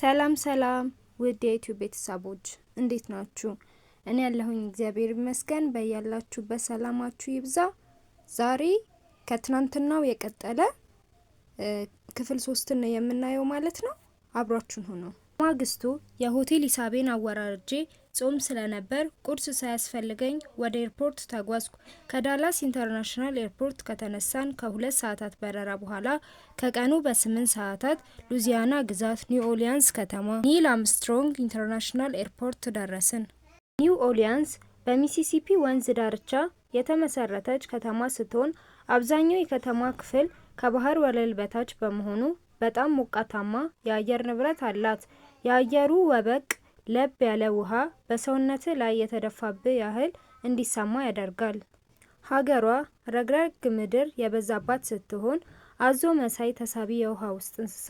ሰላም ሰላም ውድ የዩቲዩብ ቤተሰቦች እንዴት ናችሁ? እኔ ያለሁኝ እግዚአብሔር ይመስገን። በያላችሁበት ሰላማችሁ ይብዛ። ዛሬ ከትናንትናው የቀጠለ ክፍል ሶስት ነው የምናየው ማለት ነው። አብሯችሁን ሆኖ ማግስቱ የሆቴል ሂሳቤን አወራርጄ ጾም ስለነበር ቁርስ ሳያስፈልገኝ ወደ ኤርፖርት ተጓዝኩ። ከዳላስ ኢንተርናሽናል ኤርፖርት ከተነሳን ከሁለት ሰዓታት በረራ በኋላ ከቀኑ በስምንት ሰዓታት ሉዚያና ግዛት ኒው ኦሊያንስ ከተማ ኒል አምስትሮንግ ኢንተርናሽናል ኤርፖርት ደረስን። ኒው ኦሊያንስ በሚሲሲፒ ወንዝ ዳርቻ የተመሰረተች ከተማ ስትሆን አብዛኛው የከተማ ክፍል ከባህር ወለል በታች በመሆኑ በጣም ሞቃታማ የአየር ንብረት አላት። የአየሩ ወበቅ ለብ ያለ ውሃ በሰውነትህ ላይ የተደፋብህ ያህል እንዲሰማ ያደርጋል። ሀገሯ ረግረግ ምድር የበዛባት ስትሆን አዞ መሳይ ተሳቢ የውሃ ውስጥ እንስሳ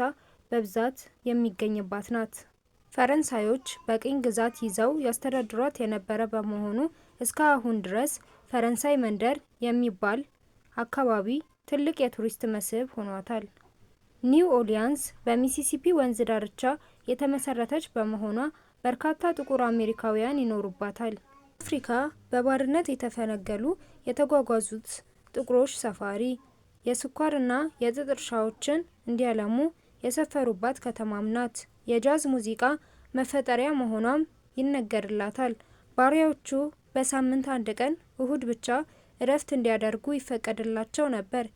በብዛት የሚገኝባት ናት። ፈረንሳዮች በቅኝ ግዛት ይዘው ያስተዳድሯት የነበረ በመሆኑ እስከ አሁን ድረስ ፈረንሳይ መንደር የሚባል አካባቢ ትልቅ የቱሪስት መስህብ ሆኗታል። ኒው ኦሊያንስ በሚሲሲፒ ወንዝ ዳርቻ የተመሰረተች በመሆኗ በርካታ ጥቁር አሜሪካውያን ይኖሩባታል። አፍሪካ በባርነት የተፈነገሉ የተጓጓዙት ጥቁሮች ሰፋሪ የስኳር እና የጥጥ እርሻዎችን እንዲያለሙ የሰፈሩባት ከተማም ናት። የጃዝ ሙዚቃ መፈጠሪያ መሆኗም ይነገርላታል። ባሪያዎቹ በሳምንት አንድ ቀን እሁድ ብቻ እረፍት እንዲያደርጉ ይፈቀድላቸው ነበር።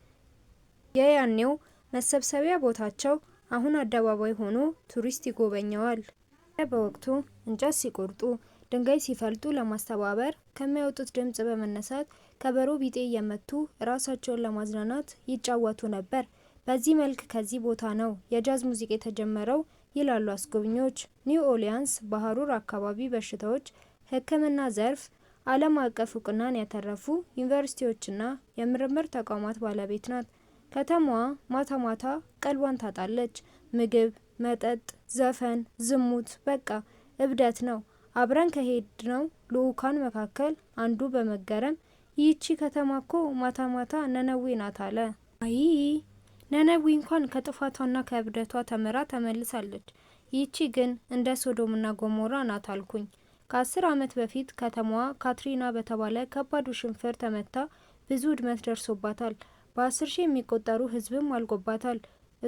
የያኔው መሰብሰቢያ ቦታቸው አሁን አደባባይ ሆኖ ቱሪስት ይጎበኘዋል። በወቅቱ እንጨት ሲቆርጡ፣ ድንጋይ ሲፈልጡ ለማስተባበር ከሚያወጡት ድምፅ በመነሳት ከበሮ ቢጤ እየመቱ ራሳቸውን ለማዝናናት ይጫወቱ ነበር። በዚህ መልክ ከዚህ ቦታ ነው የጃዝ ሙዚቃ የተጀመረው ይላሉ አስጎብኚዎች። ኒው ኦሊያንስ ባህሩር አካባቢ በሽታዎች ሕክምና ዘርፍ ዓለም አቀፍ እውቅናን ያተረፉ ዩኒቨርሲቲዎችና የምርምር ተቋማት ባለቤት ናት። ከተማዋ ማታ ማታ ቀልቧን ታጣለች። ምግብ፣ መጠጥ፣ ዘፈን፣ ዝሙት በቃ እብደት ነው። አብረን ከሄድነው ልዑካን መካከል አንዱ በመገረም ይህቺ ከተማ ኮ ማታ ማታ ነነዌ ናት አለ። አይ ነነዌ እንኳን ከጥፋቷና ከእብደቷ ተምራ ተመልሳለች፣ ይህቺ ግን እንደ ሶዶምና ጎሞራ ናት አልኩኝ። ከአስር ዓመት በፊት ከተማዋ ካትሪና በተባለ ከባድ ውሽንፍር ተመታ ብዙ ውድመት ደርሶባታል። በአስር ሺህ የሚቆጠሩ ህዝብም አልጎባታል።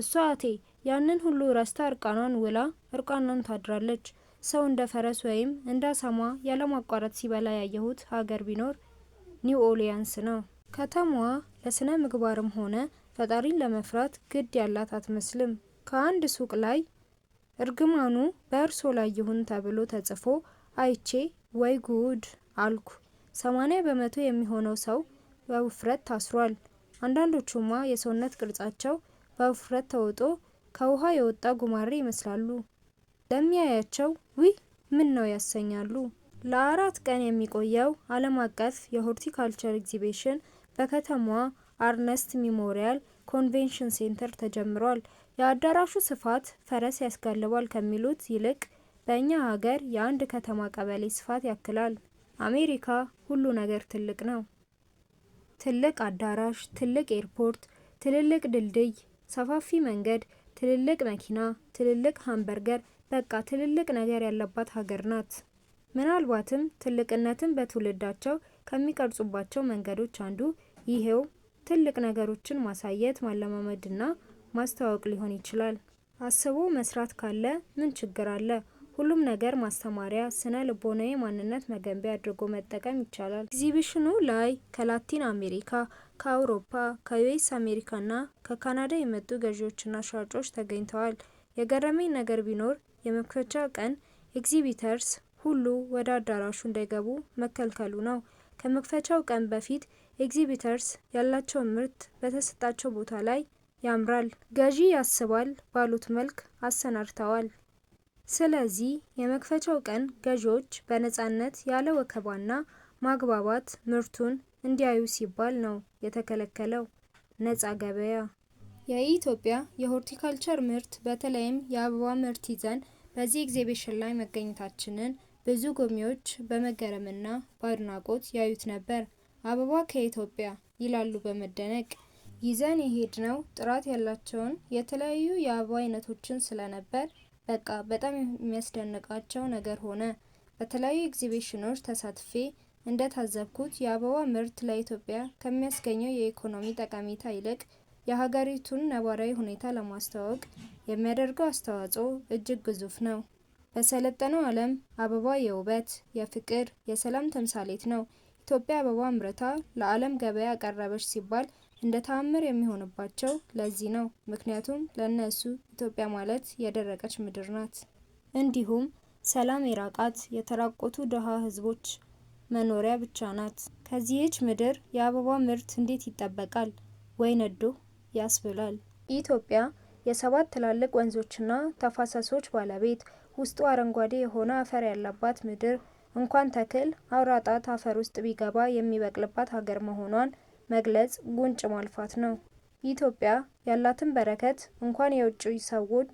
እሷ አቴ ያንን ሁሉ ረስታ እርቃኗን ውላ እርቃኗን ታድራለች። ሰው እንደ ፈረስ ወይም እንደ አሳማ ያለማቋረጥ ሲበላ ያየሁት ሀገር ቢኖር ኒው ኦሊያንስ ነው። ከተማዋ ለስነ ምግባርም ሆነ ፈጣሪን ለመፍራት ግድ ያላት አትመስልም። ከአንድ ሱቅ ላይ እርግማኑ በእርሶ ላይ ይሁን ተብሎ ተጽፎ አይቼ ወይ ጉድ አልኩ። ሰማኒያ በመቶ የሚሆነው ሰው በውፍረት ታስሯል። አንዳንዶቹማ የሰውነት ቅርጻቸው በውፍረት ተውጦ ከውሃ የወጣ ጉማሬ ይመስላሉ። ለሚያያቸው ውይ ምን ነው ያሰኛሉ። ለአራት ቀን የሚቆየው ዓለም አቀፍ የሆርቲካልቸር ኤግዚቢሽን በከተማዋ አርነስት ሚሞሪያል ኮንቬንሽን ሴንተር ተጀምሯል። የአዳራሹ ስፋት ፈረስ ያስጋልባል ከሚሉት ይልቅ በእኛ ሀገር የአንድ ከተማ ቀበሌ ስፋት ያክላል። አሜሪካ ሁሉ ነገር ትልቅ ነው። ትልቅ አዳራሽ፣ ትልቅ ኤርፖርት፣ ትልልቅ ድልድይ፣ ሰፋፊ መንገድ፣ ትልልቅ መኪና፣ ትልልቅ ሃምበርገር፣ በቃ ትልልቅ ነገር ያለባት ሀገር ናት። ምናልባትም ትልቅነትን በትውልዳቸው ከሚቀርጹባቸው መንገዶች አንዱ ይሄው ትልቅ ነገሮችን ማሳየት ማለማመድና ማስተዋወቅ ሊሆን ይችላል። አስቦ መስራት ካለ ምን ችግር አለ? ሁሉም ነገር ማስተማሪያ፣ ስነ ልቦናዊ ማንነት መገንቢያ አድርጎ መጠቀም ይቻላል። ኤግዚቢሽኑ ላይ ከላቲን አሜሪካ ከአውሮፓ፣ ከዩኤስ አሜሪካና ከካናዳ የመጡ ገዢዎችና ሻጮች ተገኝተዋል። የገረመኝ ነገር ቢኖር የመክፈቻ ቀን ኤግዚቢተርስ ሁሉ ወደ አዳራሹ እንዳይገቡ መከልከሉ ነው። ከመክፈቻው ቀን በፊት ኤግዚቢተርስ ያላቸውን ምርት በተሰጣቸው ቦታ ላይ ያምራል፣ ገዢ ያስባል ባሉት መልክ አሰናድተዋል። ስለዚህ የመክፈቻው ቀን ገዢዎች በነፃነት ያለ ወከባና ማግባባት ምርቱን እንዲያዩ ሲባል ነው የተከለከለው ነጻ ገበያ። የኢትዮጵያ የሆርቲካልቸር ምርት በተለይም የአበባ ምርት ይዘን በዚህ ኤግዚቢሽን ላይ መገኘታችንን ብዙ ጎብኚዎች በመገረምና በአድናቆት ያዩት ነበር። አበባ ከኢትዮጵያ ይላሉ በመደነቅ። ይዘን የሄድነው ጥራት ያላቸውን የተለያዩ የአበባ አይነቶችን ስለነበር በቃ በጣም የሚያስደንቃቸው ነገር ሆነ። በተለያዩ ኤግዚቢሽኖች ተሳትፌ እንደታዘብኩት የአበባ ምርት ለኢትዮጵያ ከሚያስገኘው የኢኮኖሚ ጠቀሜታ ይልቅ የሀገሪቱን ነባራዊ ሁኔታ ለማስተዋወቅ የሚያደርገው አስተዋጽኦ እጅግ ግዙፍ ነው። በሰለጠነው ዓለም አበባ የውበት፣ የፍቅር፣ የሰላም ተምሳሌት ነው። ኢትዮጵያ አበባ አምርታ ለዓለም ገበያ አቀረበች ሲባል እንደ ተአምር የሚሆንባቸው ለዚህ ነው። ምክንያቱም ለእነሱ ኢትዮጵያ ማለት የደረቀች ምድር ናት። እንዲሁም ሰላም የራቃት የተራቆቱ ድሃ ህዝቦች። መኖሪያ ብቻ ናት። ከዚህች ምድር የአበባ ምርት እንዴት ይጠበቃል? ወይ ነዶ ያስብላል። ኢትዮጵያ የሰባት ትላልቅ ወንዞችና ተፋሰሶች ባለቤት፣ ውስጡ አረንጓዴ የሆነ አፈር ያለባት ምድር፣ እንኳን ተክል አውራ ጣት አፈር ውስጥ ቢገባ የሚበቅልባት ሀገር መሆኗን መግለጽ ጉንጭ ማልፋት ነው። ኢትዮጵያ ያላትን በረከት እንኳን የውጭ ሰዎች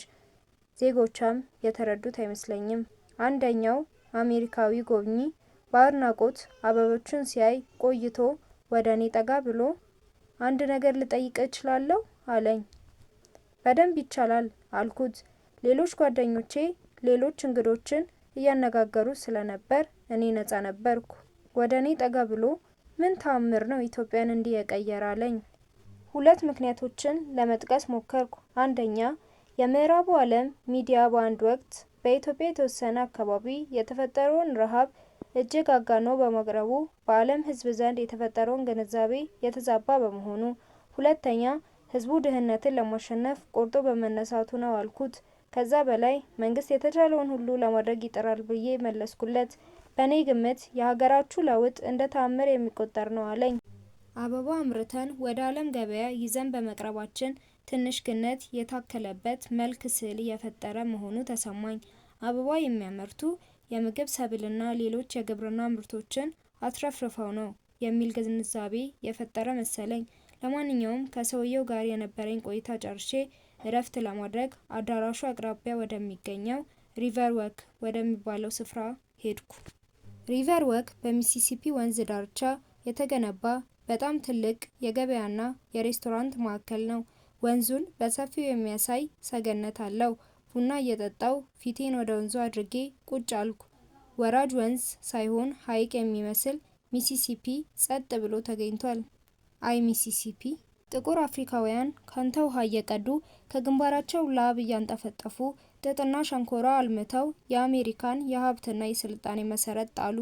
ዜጎቿም የተረዱት አይመስለኝም። አንደኛው አሜሪካዊ ጎብኚ በአድናቆት አበቦቹን ሲያይ ቆይቶ ወደ እኔ ጠጋ ብሎ አንድ ነገር ልጠይቅህ እችላለሁ አለኝ። በደንብ ይቻላል አልኩት። ሌሎች ጓደኞቼ ሌሎች እንግዶችን እያነጋገሩ ስለነበር እኔ ነፃ ነበርኩ። ወደ እኔ ጠጋ ብሎ ምን ተአምር ነው ኢትዮጵያን እንዲህ የቀየረ አለኝ። ሁለት ምክንያቶችን ለመጥቀስ ሞከርኩ። አንደኛ የምዕራቡ ዓለም ሚዲያ በአንድ ወቅት በኢትዮጵያ የተወሰነ አካባቢ የተፈጠረውን ረሃብ እጅግ አጋኖ በመቅረቡ በዓለም ህዝብ ዘንድ የተፈጠረውን ግንዛቤ የተዛባ በመሆኑ፣ ሁለተኛ ህዝቡ ድህነትን ለማሸነፍ ቆርጦ በመነሳቱ ነው አልኩት። ከዛ በላይ መንግስት የተቻለውን ሁሉ ለማድረግ ይጥራል ብዬ መለስኩለት። በእኔ ግምት የሀገራችሁ ለውጥ እንደ ተአምር የሚቆጠር ነው አለኝ። አበባ አምርተን ወደ ዓለም ገበያ ይዘን በመቅረባችን ትንሽ ግነት የታከለበት መልክ ስዕል እየፈጠረ መሆኑ ተሰማኝ። አበባ የሚያመርቱ የምግብ ሰብልና ሌሎች የግብርና ምርቶችን አትረፍርፈው ነው የሚል ግንዛቤ የፈጠረ መሰለኝ። ለማንኛውም ከሰውየው ጋር የነበረኝ ቆይታ ጨርሼ እረፍት ለማድረግ አዳራሹ አቅራቢያ ወደሚገኘው ሪቨር ወክ ወደሚባለው ስፍራ ሄድኩ። ሪቨር ወክ በሚሲሲፒ ወንዝ ዳርቻ የተገነባ በጣም ትልቅ የገበያና የሬስቶራንት ማዕከል ነው። ወንዙን በሰፊው የሚያሳይ ሰገነት አለው። ቡና እየጠጣው ፊቴን ወደ ወንዙ አድርጌ ቁጭ አልኩ። ወራጅ ወንዝ ሳይሆን ሐይቅ የሚመስል ሚሲሲፒ ጸጥ ብሎ ተገኝቷል። አይ ሚሲሲፒ! ጥቁር አፍሪካውያን ካንተ ውሃ እየቀዱ ከግንባራቸው ላብ እያንጠፈጠፉ ጥጥና ሸንኮራ አልምተው የአሜሪካን የሀብትና የስልጣኔ መሰረት ጣሉ።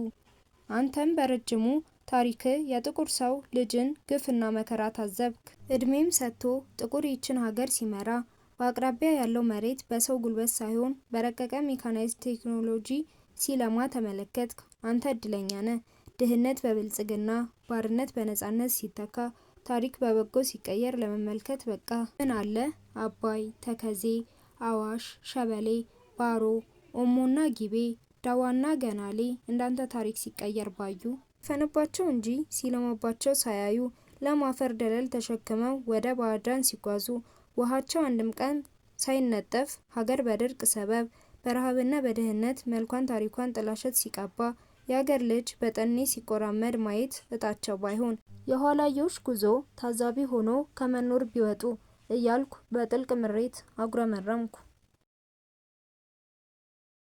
አንተም በረጅሙ ታሪክ የጥቁር ሰው ልጅን ግፍና መከራ ታዘብክ። እድሜም ሰጥቶ ጥቁር ይችን ሀገር ሲመራ በአቅራቢያ ያለው መሬት በሰው ጉልበት ሳይሆን በረቀቀ ሜካናይዝድ ቴክኖሎጂ ሲለማ ተመለከትክ፣ አንተ እድለኛ ነህ። ድህነት በብልጽግና፣ ባርነት በነፃነት ሲተካ፣ ታሪክ በበጎ ሲቀየር ለመመልከት በቃ። ምን አለ አባይ፣ ተከዜ፣ አዋሽ፣ ሸበሌ፣ ባሮ፣ ኦሞና ጊቤ፣ ዳዋና ገናሌ እንዳንተ ታሪክ ሲቀየር ባዩ። ፈንባቸው እንጂ ሲለማባቸው ሳያዩ ለማፈር ደለል ተሸክመው ወደ ባዕዳን ሲጓዙ ውሃቸው አንድም ቀን ሳይነጠፍ ሀገር በድርቅ ሰበብ በረሃብና በድህነት መልኳን ታሪኳን ጥላሸት ሲቀባ የአገር ልጅ በጠኔ ሲቆራመድ ማየት እጣቸው ባይሆን የኋላዮሽ ጉዞ ታዛቢ ሆኖ ከመኖር ቢወጡ እያልኩ በጥልቅ ምሬት አጉረመረምኩ።